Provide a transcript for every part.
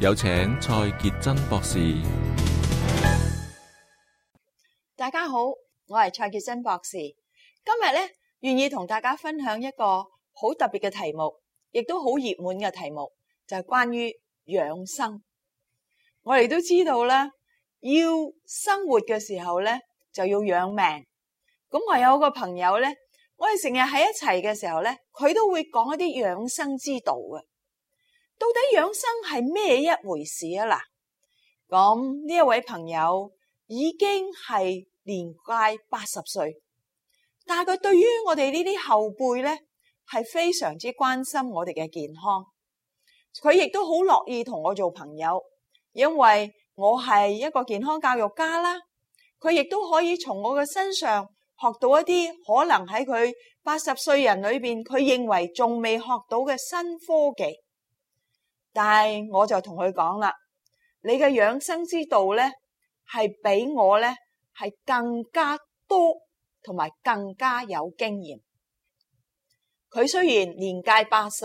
有請蔡潔貞博士。大家好，我係蔡潔貞博士。今日咧，願意同大家分享一個好特別嘅題目，亦都好熱門嘅題目，就係關於養生。我哋都知道啦，要生活嘅時候咧，就要養命。咁我有個朋友咧，我哋成日喺一齊嘅時候咧，佢都會講一啲養生之道嘅。到底養生係咩一回事啊？嗱，咁呢一位朋友已經係年屆八十歲，但係佢對於我哋呢啲後輩呢，係非常之關心我哋嘅健康。佢亦都好樂意同我做朋友，因為我係一個健康教育家啦。佢亦都可以從我嘅身上學到一啲可能喺佢八十歲人裏邊，佢認為仲未學到嘅新科技。但係我就同佢講啦，你嘅養生之道咧係比我咧係更加多，同埋更加有經驗。佢雖然年屆八十，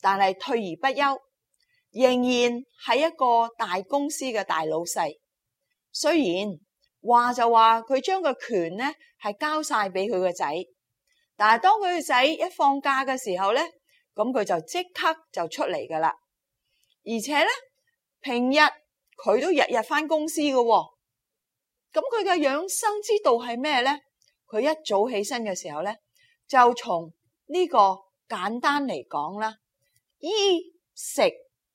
但係退而不休，仍然係一個大公司嘅大老細。雖然話就話佢將個權咧係交晒俾佢個仔，但係當佢個仔一放假嘅時候咧，咁佢就即刻就出嚟噶啦。而且咧，平日佢都日日翻公司嘅、哦，咁佢嘅養生之道係咩咧？佢一早起身嘅時候咧，就從呢個簡單嚟講啦，衣食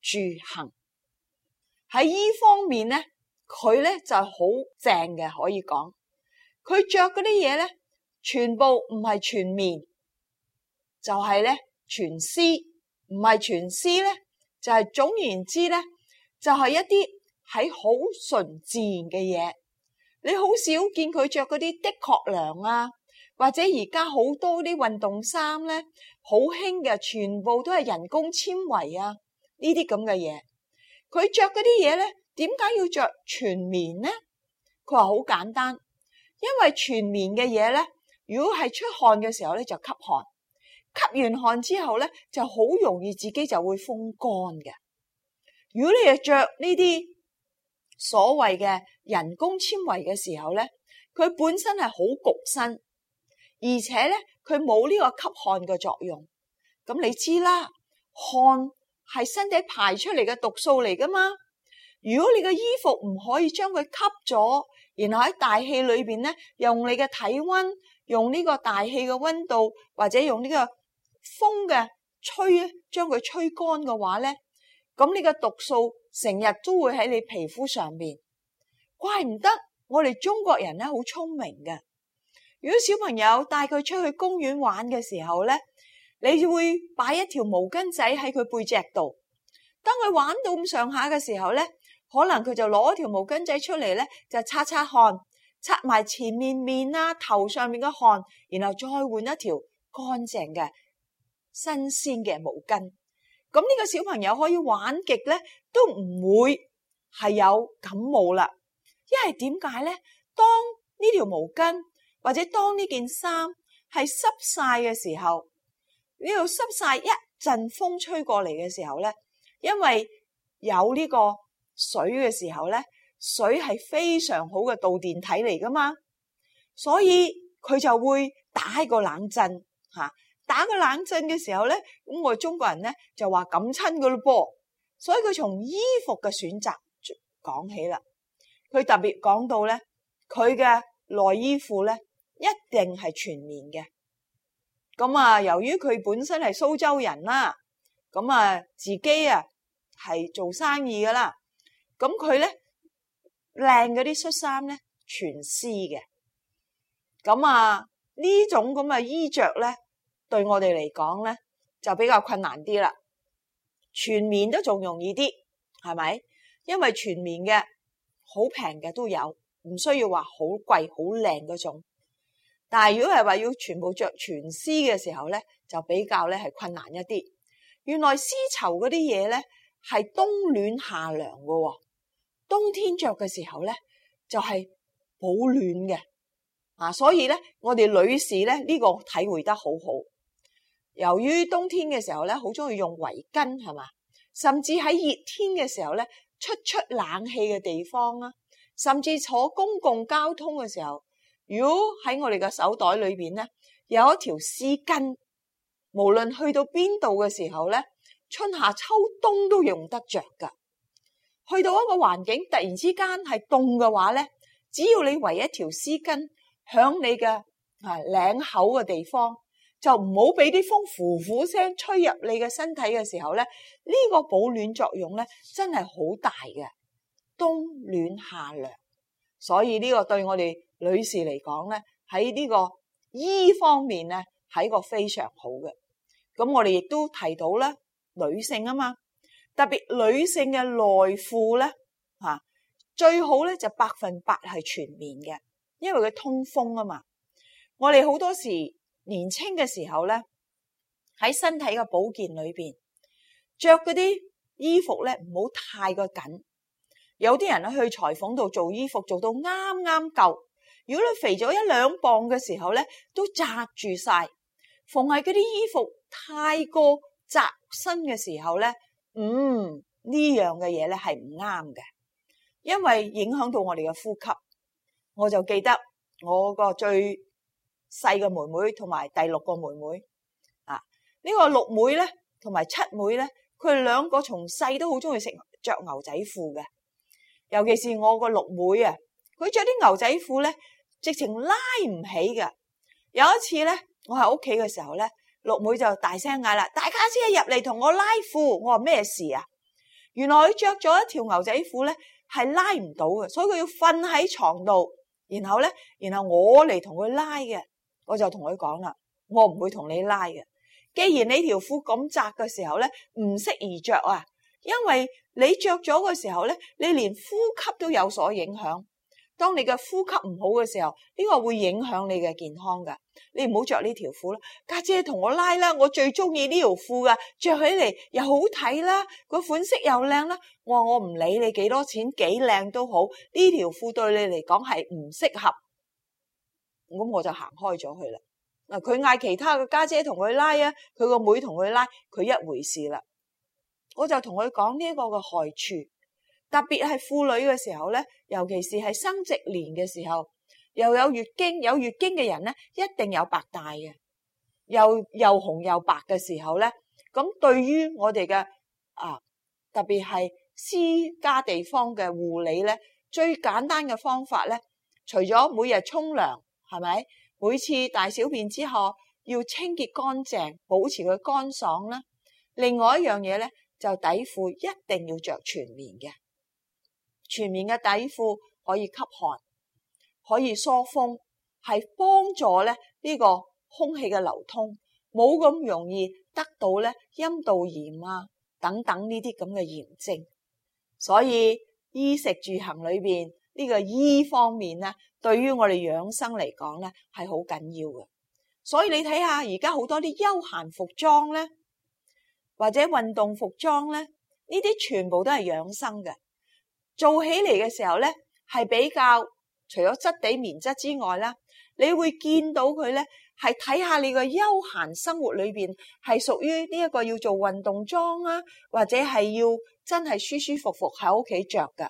住行喺呢方面咧，佢咧就好正嘅，可以講佢着嗰啲嘢咧，全部唔係全棉，就係、是、咧全絲唔係全絲咧。就係、是、總言之咧，就係、是、一啲係好純自然嘅嘢，你好少見佢着嗰啲的確涼啊，或者而家好多啲運動衫咧好輕嘅，全部都係人工纖維啊呢啲咁嘅嘢。佢着嗰啲嘢咧，點解要着全棉咧？佢話好簡單，因為全棉嘅嘢咧，如果係出汗嘅時候咧，就吸汗。吸完汗之後咧，就好容易自己就會風乾嘅。如果你係着呢啲所謂嘅人工纖維嘅時候咧，佢本身係好焗身，而且咧佢冇呢個吸汗嘅作用。咁你知啦，汗係身體排出嚟嘅毒素嚟噶嘛？如果你嘅衣服唔可以將佢吸咗，然後喺大氣裏邊咧，用你嘅體溫，用呢個大氣嘅溫度，或者用呢個。風嘅吹將佢吹乾嘅話呢，咁你嘅毒素成日都會喺你皮膚上面。怪唔得，我哋中國人咧好聰明嘅。如果小朋友帶佢出去公園玩嘅時候呢，你會擺一條毛巾仔喺佢背脊度。當佢玩到咁上下嘅時候呢，可能佢就攞條毛巾仔出嚟呢，就擦擦汗，擦埋前面面啊頭上面嘅汗，然後再換一條乾淨嘅。新鮮嘅毛巾，咁呢個小朋友可以玩極咧，都唔會係有感冒啦。因為點解咧？當呢條毛巾或者當呢件衫係濕晒嘅時候，呢度濕晒一陣風吹過嚟嘅時候咧，因為有呢個水嘅時候咧，水係非常好嘅導電體嚟噶嘛，所以佢就會打一個冷震吓。打個冷震嘅時候咧，咁我中國人咧就話咁親噶咯噃，所以佢從衣服嘅選擇講起啦。佢特別講到咧，佢嘅內衣褲咧一定係全棉嘅。咁啊，由於佢本身係蘇州人啦，咁啊自己啊係做生意噶啦，咁佢咧靚嗰啲恤衫咧全絲嘅。咁啊呢種咁嘅衣着咧，對我哋嚟講咧，就比較困難啲啦。全棉都仲容易啲，係咪？因為全棉嘅好平嘅都有，唔需要話好貴好靚嗰種。但係如果係話要全部着全絲嘅時候咧，就比較咧係困難一啲。原來絲綢嗰啲嘢咧係冬暖夏涼喎、哦。冬天着嘅時候咧就係、是、保暖嘅。啊，所以咧我哋女士咧呢、呢個體會得好好。由於冬天嘅時候咧，好中意用圍巾係嘛，甚至喺熱天嘅時候咧，出出冷氣嘅地方啊，甚至坐公共交通嘅時候，如果喺我哋嘅手袋裏邊咧，有一條絲巾，無論去到邊度嘅時候咧，春夏秋冬都用得着噶。去到一個環境突然之間係凍嘅話咧，只要你圍一條絲巾，響你嘅啊領口嘅地方。就唔好俾啲風呼呼聲吹入你嘅身體嘅時候咧，呢個保暖作用咧真係好大嘅。冬暖夏涼，所以呢個對我哋女士嚟講咧，喺呢個衣方面咧係一個非常好嘅。咁我哋亦都提到咧，女性啊嘛，特別女性嘅內褲咧吓，最好咧就百分百係全棉嘅，因為佢通風啊嘛。我哋好多時。年青嘅時候咧，喺身體嘅保健裏邊，着嗰啲衣服咧，唔好太過緊。有啲人咧去裁縫度做衣服，做到啱啱夠。如果你肥咗一兩磅嘅時候咧，都紮住晒。逢係嗰啲衣服太過窄身嘅時候咧，嗯，呢樣嘅嘢咧係唔啱嘅，因為影響到我哋嘅呼吸。我就記得我個最。細個妹妹同埋第六個妹妹，啊，呢個六妹咧，同埋七妹咧，佢哋兩個從細都好中意食着牛仔褲嘅，尤其是我個六妹啊，佢着啲牛仔褲咧，直情拉唔起嘅。有一次咧，我喺屋企嘅時候咧，六妹就大聲嗌啦：大家先入嚟同我拉褲！我話咩事啊？原來佢着咗一條牛仔褲咧，係拉唔到嘅，所以佢要瞓喺床度，然後咧，然後我嚟同佢拉嘅。我就同佢講啦，我唔會同你拉嘅。既然你條褲咁窄嘅時候咧，唔適宜着啊。因為你着咗嘅時候咧，你連呼吸都有所影響。當你嘅呼吸唔好嘅時候，呢個會影響你嘅健康㗎。你唔好着呢條褲啦，家姐同我拉啦。我最中意呢條褲噶，着起嚟又好睇啦，佢款式又靚啦。我話我唔理你幾多錢幾靚都好，呢條褲對你嚟講係唔適合。咁我就行開咗去啦。嗱，佢嗌其他嘅家姐同佢拉啊，佢個妹同佢拉，佢一回事啦。我就同佢講呢個嘅害處，特別係婦女嘅時候咧，尤其是係生殖年嘅時候，又有月經，有月經嘅人咧，一定有白帶嘅，又又紅又白嘅時候咧，咁對於我哋嘅啊，特別係私家地方嘅護理咧，最簡單嘅方法咧，除咗每日沖涼。係咪每次大小便之後要清潔乾淨，保持佢乾爽啦？另外一樣嘢咧，就底褲一定要着全棉嘅，全棉嘅底褲可以吸汗，可以疏風，係幫助咧呢個空氣嘅流通，冇咁容易得到咧陰道炎啊等等呢啲咁嘅炎症。所以衣食住行裏邊呢個衣方面咧。對於我哋養生嚟講咧，係好緊要嘅。所以你睇下而家好多啲休閒服裝咧，或者運動服裝咧，呢啲全部都係養生嘅。做起嚟嘅時候咧，係比較除咗質地棉質之外啦，你會見到佢咧係睇下你個休閒生活裏面，係屬於呢一個要做運動裝啊，或者係要真係舒舒服服喺屋企着㗎。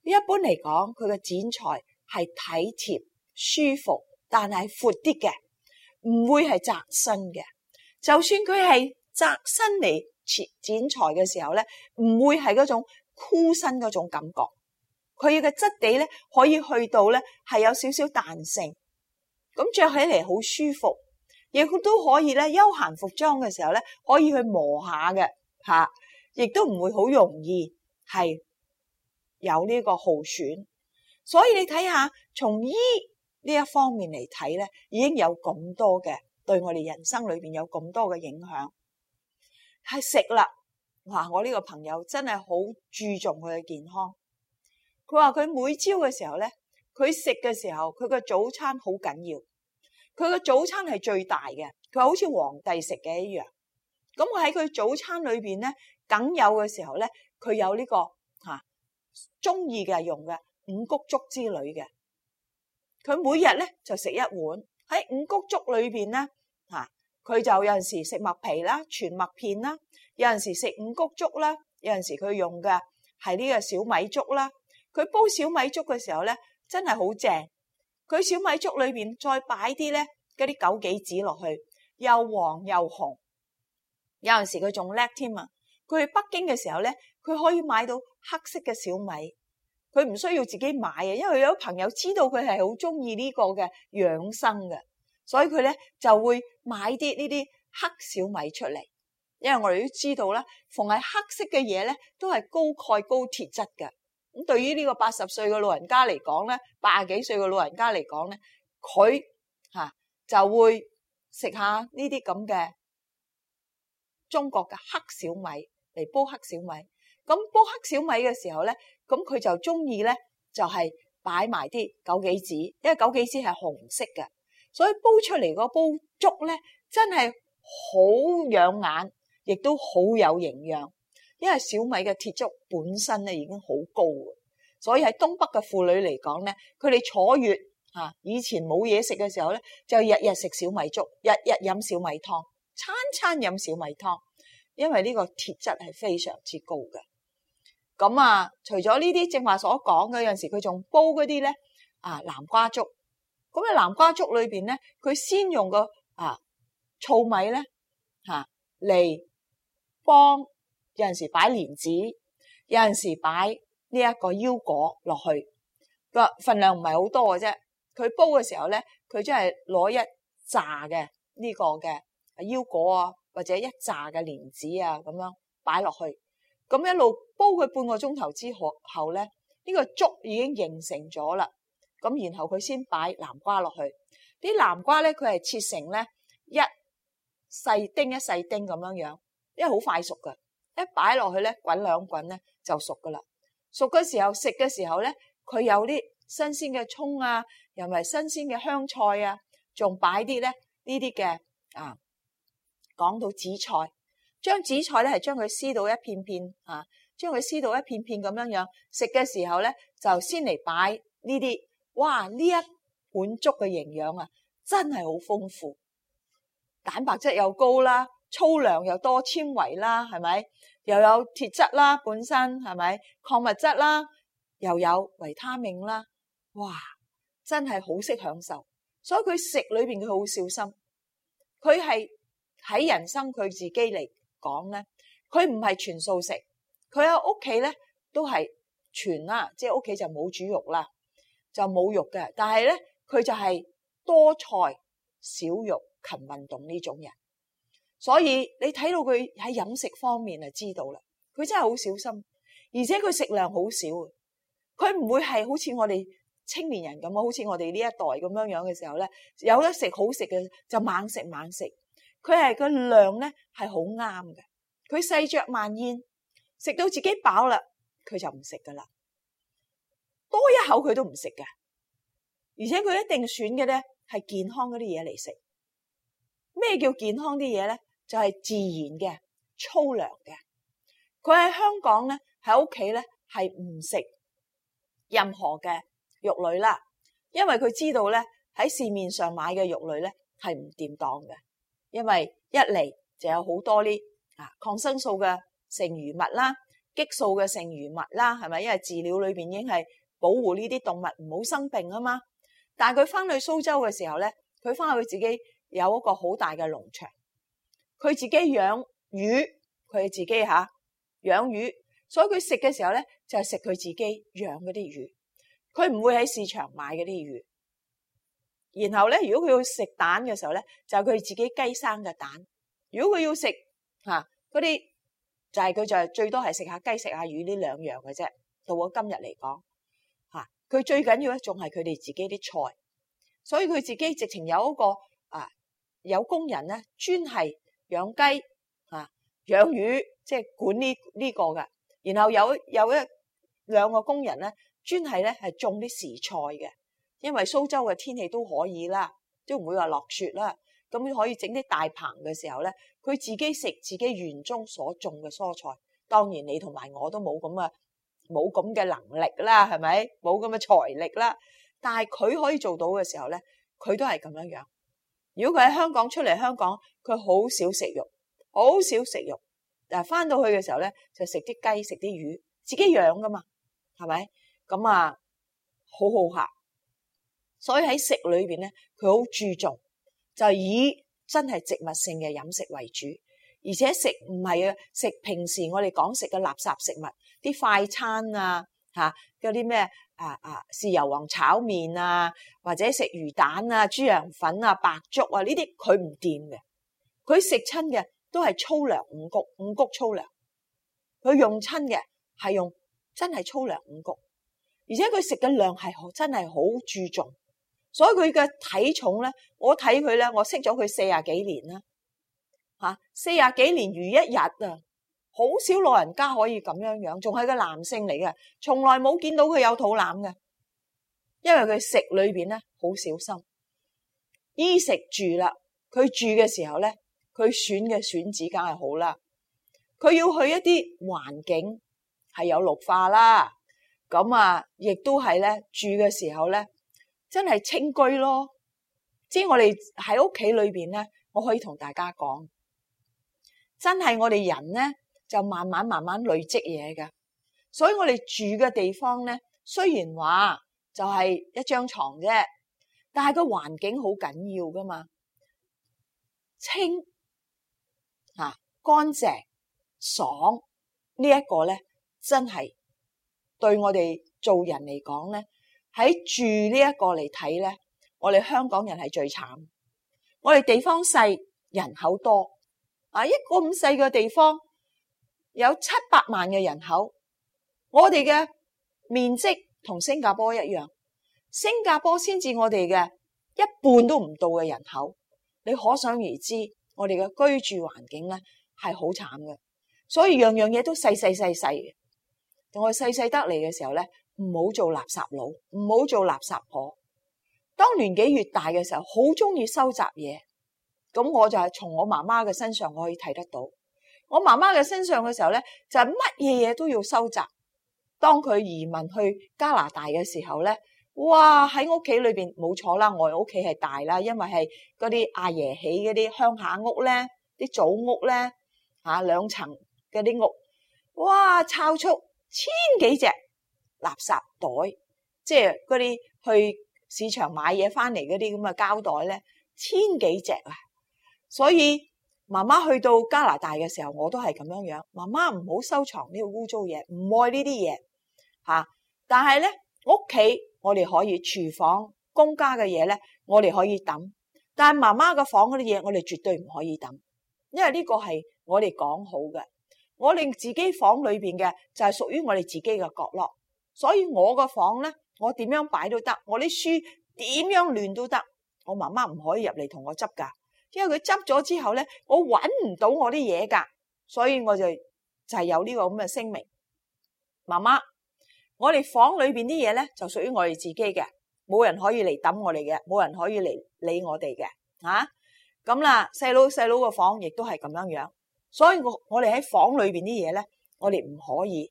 一般嚟講，佢嘅剪裁，係體貼舒服，但係闊啲嘅，唔會係窄身嘅。就算佢係窄身嚟切剪裁嘅時候咧，唔會係嗰種箍身嗰種感覺。佢嘅質地咧，可以去到咧係有少少彈性，咁着起嚟好舒服，亦都可以咧休閒服裝嘅時候咧可以去磨下嘅吓，亦都唔會好容易係有呢個耗損。所以你睇下，從醫呢一方面嚟睇咧，已經有咁多嘅，對我哋人生裏邊有咁多嘅影響。係食啦，哇！我呢個朋友真係好注重佢嘅健康。佢話佢每朝嘅時候咧，佢食嘅時候，佢個早餐好緊要。佢個早餐係最大嘅，佢好似皇帝食嘅一樣。咁我喺佢早餐裏邊咧，梗有嘅時候咧，佢有呢個吓中意嘅用嘅。五穀粥之類嘅。佢每日呢，就食一碗。喺五穀粥裏面呢，佢就有陣時食麥皮啦、全麥片啦。有陣時食五穀粥啦。有陣時佢用嘅，係呢個小米粥啦。佢煲小米粥嘅時候呢，真係好正。佢小米粥裏面再擺啲呢，嗰啲枸杞子落去。又黃，又紅。有陣時佢仲叻添啊。佢去北京嘅時候呢，佢可以買到黑色嘅小米。佢唔需要自己買啊，因為有朋友知道佢係好鍾意呢個嘅養生嘅，所以佢咧就會買啲呢啲黑小米出嚟。因為我哋都知道啦，逢係黑色嘅嘢咧都係高鈣高鐵質嘅。咁對於呢個八十歲嘅老人家嚟講咧，八十幾歲嘅老人家嚟講咧，佢嚇就會食下呢啲咁嘅中國嘅黑小米嚟煲黑小米。咁煲黑小米嘅時候咧。咁佢就中意咧，就係擺埋啲枸杞子，因為枸杞子係紅色嘅，所以煲出嚟個煲粥咧，真係好養眼，亦都好有營養。因為小米嘅鐵質本身咧已經好高，所以喺東北嘅婦女嚟講咧，佢哋坐月以前冇嘢食嘅時候咧，就日日食小米粥，日日飲小米湯，餐餐飲小米湯，因為呢個鐵質係非常之高嘅。咁啊，除咗呢啲，正話所講嘅有陣時，佢仲煲嗰啲咧啊南瓜粥。咁啊，南瓜粥裏邊咧，佢先用個啊糙米咧嚇嚟幫，有陣時擺蓮子，有陣時擺呢一個腰果落去，個分量唔係好多嘅啫。佢煲嘅時候咧，佢真係攞一紮嘅呢個嘅腰果啊，或者一紮嘅蓮子啊咁樣擺落去，咁一路。煲佢半個鐘頭之後咧，呢個粥已經形成咗啦。咁然後佢先擺南瓜落去，啲南瓜咧佢係切成咧一細丁一細丁咁樣樣，因為好快熟噶。一擺落去咧，滾兩滾咧就熟噶啦。熟嘅時候食嘅時候咧，佢有啲新鮮嘅葱啊，又咪新鮮嘅香菜啊，仲擺啲咧呢啲嘅啊。講到紫菜，將紫菜咧係將佢撕到一片片啊。將佢撕到一片片咁樣樣，食嘅時候咧就先嚟擺呢啲。哇！呢一碗粥嘅營養啊，真係好豐富，蛋白質又高啦，粗糧又多纖維啦，係咪？又有鐵質啦，本身係咪？礦物質啦，又有維他命啦。哇！真係好識享受，所以佢食裏邊佢好小心。佢係喺人生佢自己嚟講咧，佢唔係全素食。佢喺屋企咧都係全啦，即係屋企就冇煮肉啦，就冇肉嘅。但係咧，佢就係多菜少肉，勤運動呢種人。所以你睇到佢喺飲食方面就知道啦，佢真係好小心，而且佢食量好少。佢唔會係好似我哋青年人咁啊，好似我哋呢一代咁樣樣嘅時候咧，有得食好食嘅就猛食猛食。佢係個量咧係好啱嘅，佢細嚼慢咽。食到自己飽啦，佢就唔食噶啦，多一口佢都唔食嘅。而且佢一定選嘅咧係健康嗰啲嘢嚟食。咩叫健康啲嘢咧？就係、是、自然嘅粗糧嘅。佢喺香港咧，喺屋企咧係唔食任何嘅肉類啦，因為佢知道咧喺市面上買嘅肉類咧係唔掂當嘅，因為一嚟就有好多啲啊抗生素嘅。剩餘物啦，激素嘅剩餘物啦，係咪？因為飼料裏面已經係保護呢啲動物唔好生病啊嘛。但係佢翻去蘇州嘅時候咧，佢翻去佢自己有一個好大嘅農場，佢自己養魚，佢自己吓養、啊、魚，所以佢食嘅時候咧就係食佢自己養嗰啲魚，佢唔會喺市場買嗰啲魚。然後咧，如果佢要食蛋嘅時候咧，就係佢自己雞生嘅蛋。如果佢要食吓嗰啲，啊就係佢就係最多係食下雞食下魚呢兩樣嘅啫。到咗今日嚟講，吓佢最緊要一仲係佢哋自己啲菜，所以佢自己直情有一個啊有工人咧專係養雞吓養魚，即係管呢呢個嘅。然後有有一兩個工人咧專係咧係種啲時菜嘅，因為蘇州嘅天氣都可以啦，都唔會話落雪啦。咁可以整啲大棚嘅時候咧，佢自己食自己園中所種嘅蔬菜。當然，你同埋我都冇咁嘅冇咁嘅能力啦，係咪？冇咁嘅財力啦。但係佢可以做到嘅時候咧，佢都係咁樣樣。如果佢喺香港出嚟香港，佢好少食肉，好少食肉。但係翻到去嘅時候咧，就食啲雞食啲魚，自己養噶嘛，係咪？咁啊，好好客。所以喺食裏邊咧，佢好注重。就以真係植物性嘅飲食為主，而且食唔係啊食平時我哋講食嘅垃圾食物，啲快餐啊嚇，嗰啲咩啊啊，豉油黃炒麵啊，或者食魚蛋啊、豬羊粉啊、白粥啊，呢啲佢唔掂嘅。佢食親嘅都係粗糧五穀，五穀粗糧，佢用親嘅係用真係粗糧五穀，而且佢食嘅量係真係好注重。所以佢嘅體重咧，我睇佢咧，我識咗佢四十幾年啦，吓、啊、四十幾年如一日啊！好少老人家可以咁樣樣，仲係個男性嚟嘅，從來冇見到佢有肚腩嘅，因為佢食裏邊咧好小心，衣食住啦，佢住嘅時候咧，佢選嘅選址梗係好啦，佢要去一啲環境係有綠化啦，咁啊，亦都係咧住嘅時候咧。真係清居咯！即係我哋喺屋企裏邊咧，我可以同大家講，真係我哋人咧就慢慢慢慢累積嘢噶。所以我哋住嘅地方咧，雖然話就係一張床啫，但係個環境好緊要噶嘛。清吓、啊、乾淨、爽、這個、呢一個咧，真係對我哋做人嚟講咧。喺住呢一個嚟睇咧，我哋香港人係最慘。我哋地方細，人口多，啊一個咁細嘅地方有七百萬嘅人口，我哋嘅面積同新加坡一樣，新加坡先至我哋嘅一半都唔到嘅人口，你可想而知我哋嘅居住環境咧係好慘嘅，所以樣樣嘢都細細細細嘅。我細細得嚟嘅時候咧。唔好做垃圾佬，唔好做垃圾婆。當年紀越大嘅時候，好鍾意收集嘢。咁我就係從我媽媽嘅身上，我可以睇得到。我媽媽嘅身上嘅時候呢，就係乜嘢嘢都要收集。當佢移民去加拿大嘅時候呢，哇！喺屋企裏面冇錯啦，我屋企係大啦，因為係嗰啲阿爺起嗰啲鄉下屋呢，啲祖屋呢，吓兩層嗰啲屋，哇！抄出千幾隻。垃圾袋，即係嗰啲去市場買嘢翻嚟嗰啲咁嘅膠袋咧，千幾隻啊！所以媽媽去到加拿大嘅時候，我都係咁樣樣。媽媽，唔好收藏呢個污糟嘢，唔愛呢啲嘢吓。但係咧，屋企我哋可以廚房公家嘅嘢咧，我哋可以抌。但係媽媽嘅房嗰啲嘢，我哋絕對唔可以抌，因為呢個係我哋講好嘅。我哋自己房裏邊嘅就係屬於我哋自己嘅角落。所以我個房咧，我點樣擺都得，我啲書點樣亂都得。我媽媽唔可以入嚟同我執噶，因為佢執咗之後咧，我搵唔到我啲嘢噶。所以我就就係有呢個咁嘅聲明。媽媽，我哋房裏邊啲嘢咧就屬於我哋自己嘅，冇人可以嚟抌我哋嘅，冇人可以嚟理我哋嘅。啊，咁啦，細佬細佬個房亦都係咁樣樣。所以我我哋喺房裏邊啲嘢咧，我哋唔可以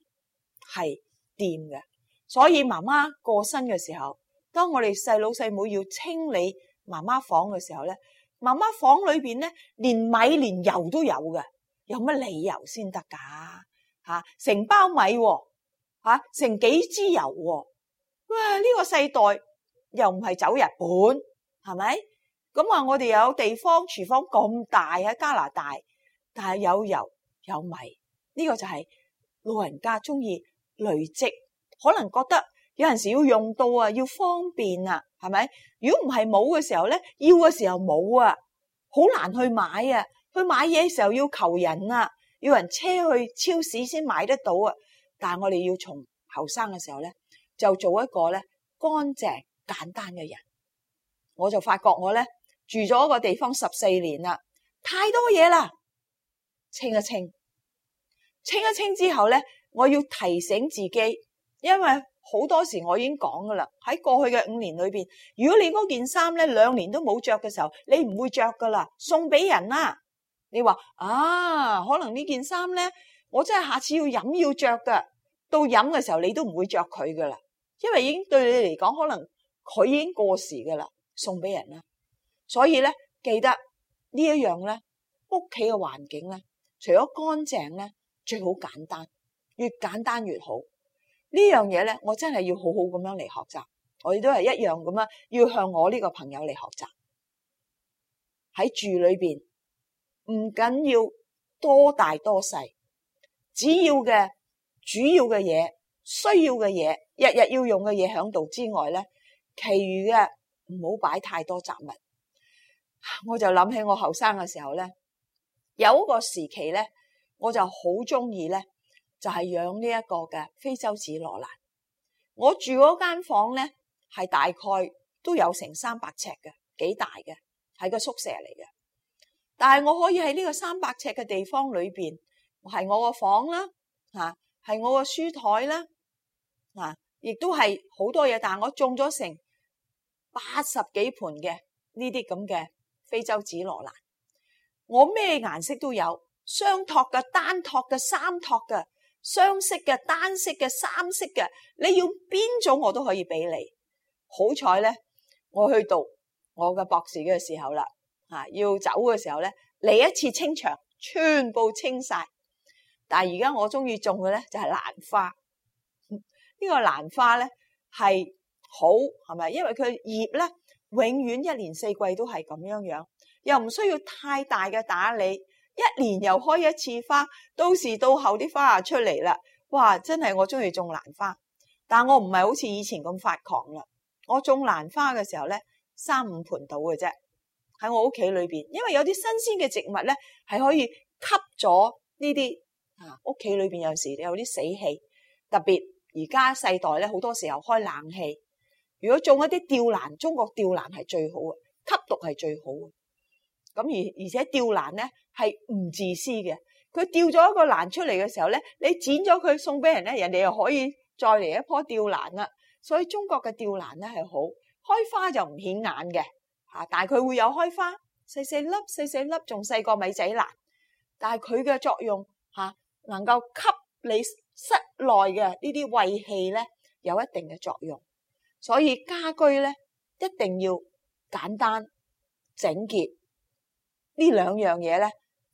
係掂嘅。所以媽媽過身嘅時候，當我哋細佬細妹要清理媽媽房嘅時候咧，媽媽房裏邊咧連米連油都有嘅，有乜理由先得噶？吓，成包米喎，吓，成幾支油喎，哇！呢個世代又唔係走日本，係咪？咁啊，我哋有地方廚房咁大喺加拿大，但係有油有米，呢個就係老人家中意累積。可能覺得有陣時要用到啊，要方便啊，係咪？如果唔係冇嘅時候咧，要嘅時候冇啊，好難去買啊！去買嘢時候要求人啊，要人車去超市先買得到啊！但係我哋要從後生嘅時候咧，就做一個咧乾淨簡單嘅人。我就發覺我咧住咗一個地方十四年啦，太多嘢啦，清一清，清一清之後咧，我要提醒自己。因為好多時我已經講噶啦，喺過去嘅五年裏邊，如果你嗰件衫咧兩年都冇着嘅時候，你唔會着噶啦，送俾人啦。你話啊，可能呢件衫咧，我真係下次要飲要着㗎。到飲嘅時候你都唔會着佢噶啦，因為已經對你嚟講，可能佢已經過時噶啦，送俾人啦。所以咧，記得呢一樣咧，屋企嘅環境咧，除咗乾淨咧，最好簡單，越簡單越好。呢樣嘢咧，我真係要好好咁樣嚟學習。我亦都係一樣咁樣，要向我呢個朋友嚟學習。喺住裏邊，唔緊要多大多細，只要嘅主要嘅嘢、需要嘅嘢、日日要用嘅嘢喺度之外咧，其餘嘅唔好擺太多雜物。我就諗起我後生嘅時候咧，有個時期咧，我就好中意咧。就係、是、養呢一個嘅非洲紫羅蘭。我住嗰間房咧，係大概都有成三百尺嘅，幾大嘅，係個宿舍嚟嘅。但係我可以喺呢個三百尺嘅地方裏邊，係我個房啦吓，係我個書台啦，亦都係好多嘢。但係我種咗成八十幾盆嘅呢啲咁嘅非洲紫羅蘭，我咩顏色都有，雙托嘅、單托嘅、三托嘅。雙色嘅、單色嘅、三色嘅，你要邊種我都可以俾你。好彩咧，我去讀我嘅博士嘅時候啦，要走嘅時候咧，嚟一次清場，全部清晒。但係而家我中意種嘅咧就係蘭花。呢個蘭花咧係好，係咪？因為佢葉咧永遠一年四季都係咁樣樣，又唔需要太大嘅打理。一年又開一次花，到時到后啲花出嚟啦。哇，真係我中意種蘭花，但我唔係好似以前咁發狂啦。我種蘭花嘅時候咧，三五盆到嘅啫，喺我屋企裏邊。因為有啲新鮮嘅植物咧，係可以吸咗呢啲啊屋企裏邊有陣時有啲死氣，特別而家世代咧好多時候開冷氣。如果種一啲吊蘭，中國吊蘭係最好嘅，吸毒係最好嘅。咁而而且吊蘭咧。係唔自私嘅，佢吊咗一個蘭出嚟嘅時候咧，你剪咗佢送俾人咧，人哋又可以再嚟一樖吊蘭啦。所以中國嘅吊蘭咧係好開花就唔顯眼嘅，吓，但係佢會有開花，細細粒，細細粒，仲細過米仔蘭。但係佢嘅作用吓，能夠吸你室內嘅呢啲穢氣咧，有一定嘅作用。所以家居咧一定要簡單整潔呢兩樣嘢咧。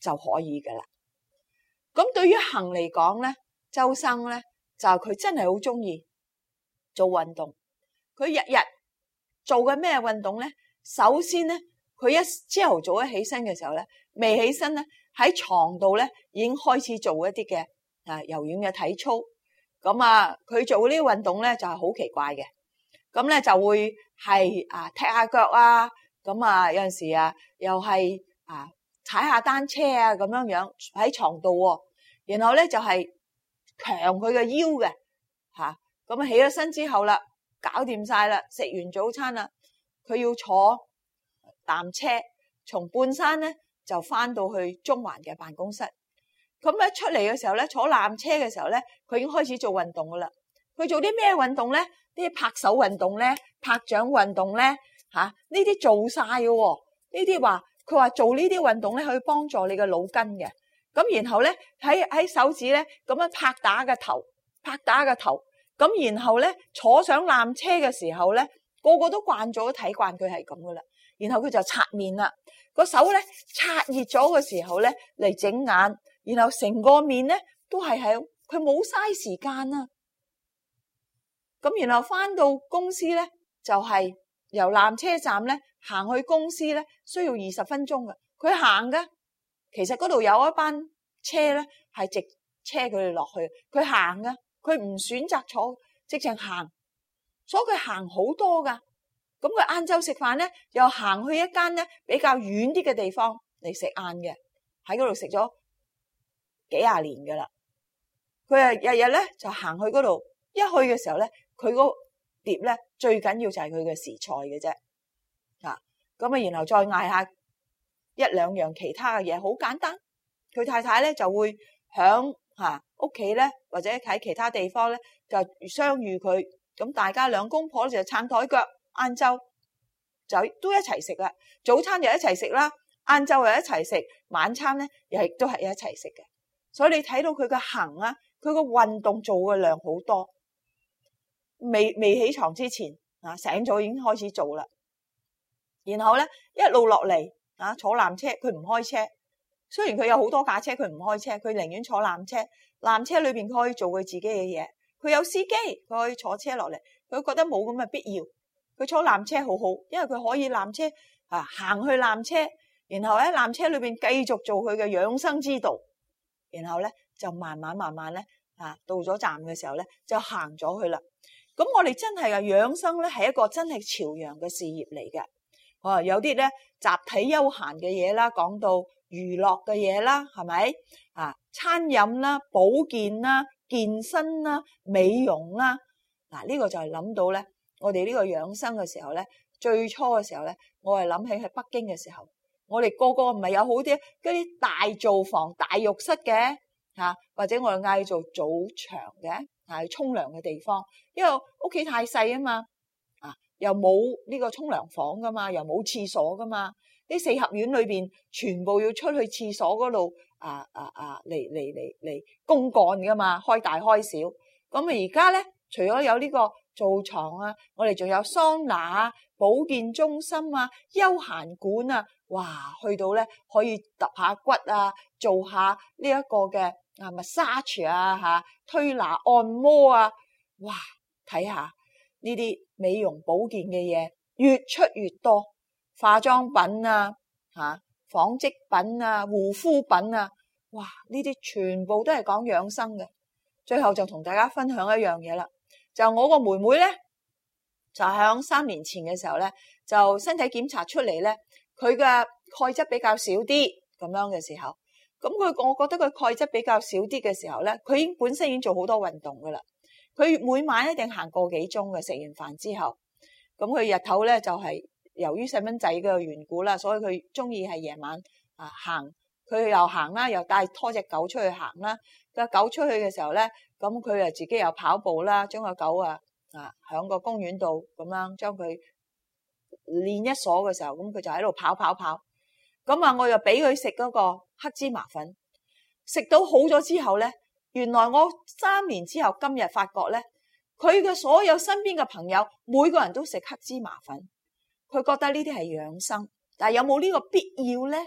就可以嘅啦。咁對於行嚟講咧，周生咧就係佢真係好中意做運動。佢日日做嘅咩運動咧？首先咧，佢一朝頭早一起身嘅時候咧，未起身咧，喺床度咧已經開始做一啲嘅啊柔軟嘅體操。咁啊，佢做呢啲運動咧就係好奇怪嘅。咁咧就會係啊踢下腳啊。咁啊有陣時啊又係啊。踩下單車啊，咁樣樣喺床度，然後咧就係、是、強佢嘅腰嘅，吓咁，啊起咗身之後啦，搞掂晒啦，食完早餐啦，佢要坐纜車，從半山咧就翻到去中環嘅辦公室。咁、啊、一出嚟嘅時候咧，坐纜車嘅時候咧，佢已經開始做運動噶啦。佢做啲咩運動咧？啲拍手運動咧，拍掌運動咧，吓呢啲做晒喎。呢啲話。佢話做呢啲運動咧，可以幫助你嘅腦筋嘅。咁然後咧，喺喺手指咧咁樣拍打個頭，拍打個頭。咁然後咧，坐上纜車嘅時候咧，個個都慣咗睇慣佢係咁噶啦。然後佢就擦面啦，個手咧擦熱咗嘅時候咧嚟整眼，然後成個面咧都係喺佢冇嘥時間啦，咁然後翻到公司咧，就係由纜車站咧。行去公司咧，需要二十分鐘㗎。佢行㗎，其實嗰度有一班車咧，係直車佢哋落去。佢行㗎，佢唔選擇坐，直情行。所以佢行好多㗎。咁佢晏晝食飯咧，又行去一間咧比較遠啲嘅地方嚟食晏嘅，喺嗰度食咗幾廿年㗎啦。佢日日咧就行去嗰度，一去嘅時候咧，佢個碟咧最緊要就係佢嘅時菜嘅啫。咁啊，然後再嗌下一兩樣其他嘅嘢，好簡單。佢太太咧就會響嚇屋企咧，或者喺其他地方咧，就相遇佢。咁大家兩公婆就撐台腳，晏晝就都一齊食啦。早餐又一齊食啦，晏晝又一齊食，晚餐咧又都係一齊食嘅。所以你睇到佢嘅行啊，佢個運動做嘅量好多。未未起床之前啊，醒咗已經開始做啦。然後咧一路落嚟啊，坐纜車，佢唔開車，雖然佢有好多架車，佢唔開車，佢寧願坐纜車。纜車裏邊佢可以做佢自己嘅嘢，佢有司機，佢可以坐車落嚟。佢覺得冇咁嘅必要，佢坐纜車好好，因為佢可以纜車啊，行去纜車，然後喺纜車裏邊繼續做佢嘅養生之道。然後咧就慢慢慢慢咧啊，到咗站嘅時候咧就行咗去啦。咁我哋真係啊，養生咧係一個真係朝陽嘅事業嚟嘅。哦、有啲咧集體休閒嘅嘢啦，講到娛樂嘅嘢啦，係咪啊？餐飲啦、保健啦、健身啦、美容啦，嗱、啊、呢、呢個就係諗到咧，我哋呢個養生嘅時候咧，最初嘅時候咧，我係諗起喺北京嘅時候，我哋個個唔係有好啲嗰啲大澡房、大浴室嘅、啊、或者我哋嗌做澡場嘅係沖涼嘅地方，因為屋企太細啊嘛。又冇呢個沖涼房噶嘛，又冇廁所噶嘛，呢四合院裏邊全部要出去廁所嗰度，啊啊啊嚟嚟嚟嚟公幹噶嘛，開大開小。咁啊而家咧，除咗有呢個做床啊，我哋仲有桑拿、保健中心啊、休閒館啊，哇，去到咧可以揼下骨啊，做下呢一個嘅啊咪沙廚啊吓，推拿按摩啊，哇，睇下。呢啲美容保健嘅嘢越出越多，化妝品啊、嚇、啊、紡織品啊、護膚品啊，哇！呢啲全部都係講養生嘅。最後就同大家分享一樣嘢啦，就我個妹妹咧，就喺三年前嘅時候咧，就身體檢查出嚟咧，佢嘅鈣質比較少啲咁樣嘅時候，咁佢我覺得佢鈣質比較少啲嘅時候咧，佢已經本身已經做好多運動噶啦。佢每晚一定行個幾鐘嘅，食完飯之後，咁佢日頭咧就係由於細蚊仔嘅緣故啦，所以佢鍾意係夜晚啊行。佢又行啦，又帶拖隻狗出去行啦。個狗出去嘅時候咧，咁佢又自己又跑步啦，將個狗啊啊喺個公園度咁樣將佢練一鎖嘅時候，咁佢就喺度跑跑跑。咁啊，我又俾佢食嗰個黑芝麻粉，食到好咗之後咧。原來我三年之後今日發覺咧，佢嘅所有身邊嘅朋友，每個人都食黑芝麻粉，佢覺得呢啲係養生，但有冇呢個必要呢？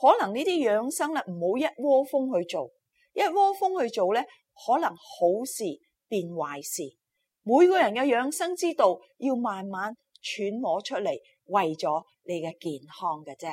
可能呢啲養生啦，唔好一窩蜂去做，一窩蜂去做咧，可能好事變壞事。每個人嘅養生之道要慢慢揣摩出嚟，為咗你嘅健康嘅啫。